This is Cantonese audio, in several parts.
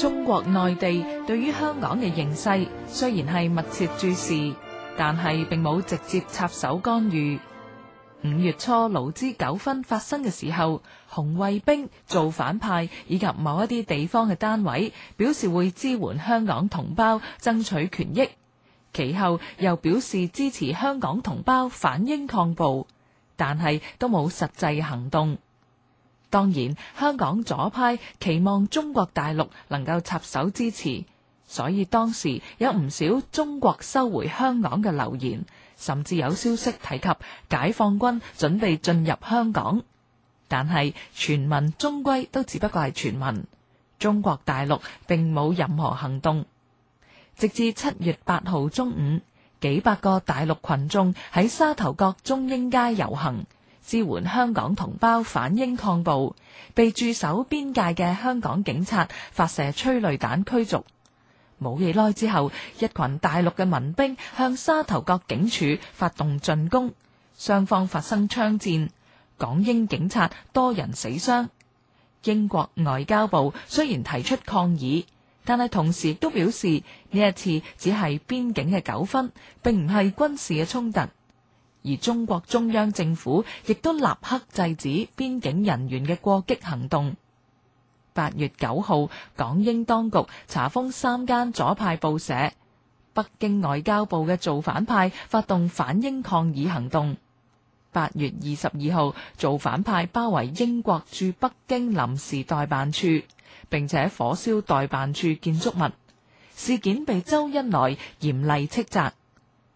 中國內地對於香港嘅形勢雖然係密切注視，但係並冇直接插手干預。五月初勞資糾紛發生嘅時候，紅衛兵造反派，以及某一啲地方嘅單位表示會支援香港同胞爭取權益，其後又表示支持香港同胞反英抗暴，但係都冇實際行動。當然，香港左派期望中國大陸能夠插手支持，所以當時有唔少中國收回香港嘅流言，甚至有消息提及解放軍準備進入香港。但係傳聞終歸都只不過係傳聞，中國大陸並冇任何行動。直至七月八號中午，幾百個大陸群眾喺沙頭角中英街遊行。支援香港同胞反英抗暴，被駐守邊界嘅香港警察發射催淚彈驅逐。冇幾耐之後，一群大陸嘅民兵向沙頭角警署發動進攻，雙方發生槍戰，港英警察多人死傷。英國外交部雖然提出抗議，但係同時亦都表示呢一次只係邊境嘅糾紛，並唔係軍事嘅衝突。而中國中央政府亦都立刻制止邊境人員嘅過激行動。八月九號，港英當局查封三間左派報社。北京外交部嘅造反派發動反英抗議行動。八月二十二號，造反派包圍英國駐北京臨時代辦處，並且火燒代辦處建築物。事件被周恩來嚴厲斥責。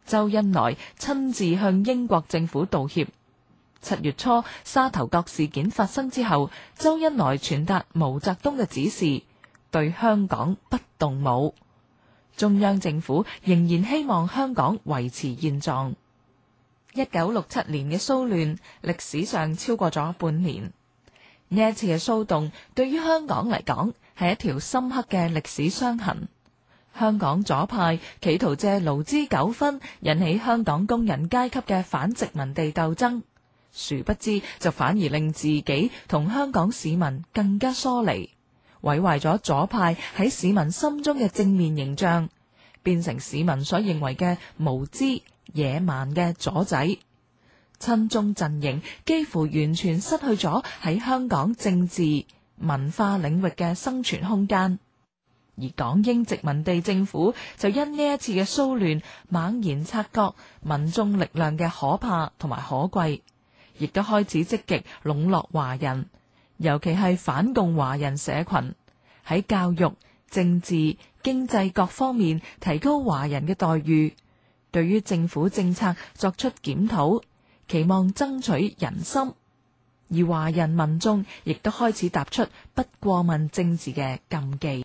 周恩來親自向英國政府道歉。七月初沙頭角事件發生之後，周恩來傳達毛澤東嘅指示，對香港不動武。中央政府仍然希望香港維持現狀。一九六七年嘅騷亂歷史上超過咗半年，呢一次嘅騷動對於香港嚟講係一條深刻嘅歷史傷痕。香港左派企圖借勞資糾紛引起香港工人階級嘅反殖民地鬥爭，殊不知就反而令自己同香港市民更加疏離，毀壞咗左派喺市民心中嘅正面形象，變成市民所認為嘅無知野蠻嘅左仔，親中陣營幾乎完全失去咗喺香港政治文化領域嘅生存空間。而港英殖民地政府就因呢一次嘅騷亂，猛然察覺民眾力量嘅可怕同埋可貴，亦都開始積極籠絡華人，尤其係反共華人社群喺教育、政治、經濟各方面提高華人嘅待遇，對於政府政策作出檢討，期望爭取人心。而華人民眾亦都開始踏出不過問政治嘅禁忌。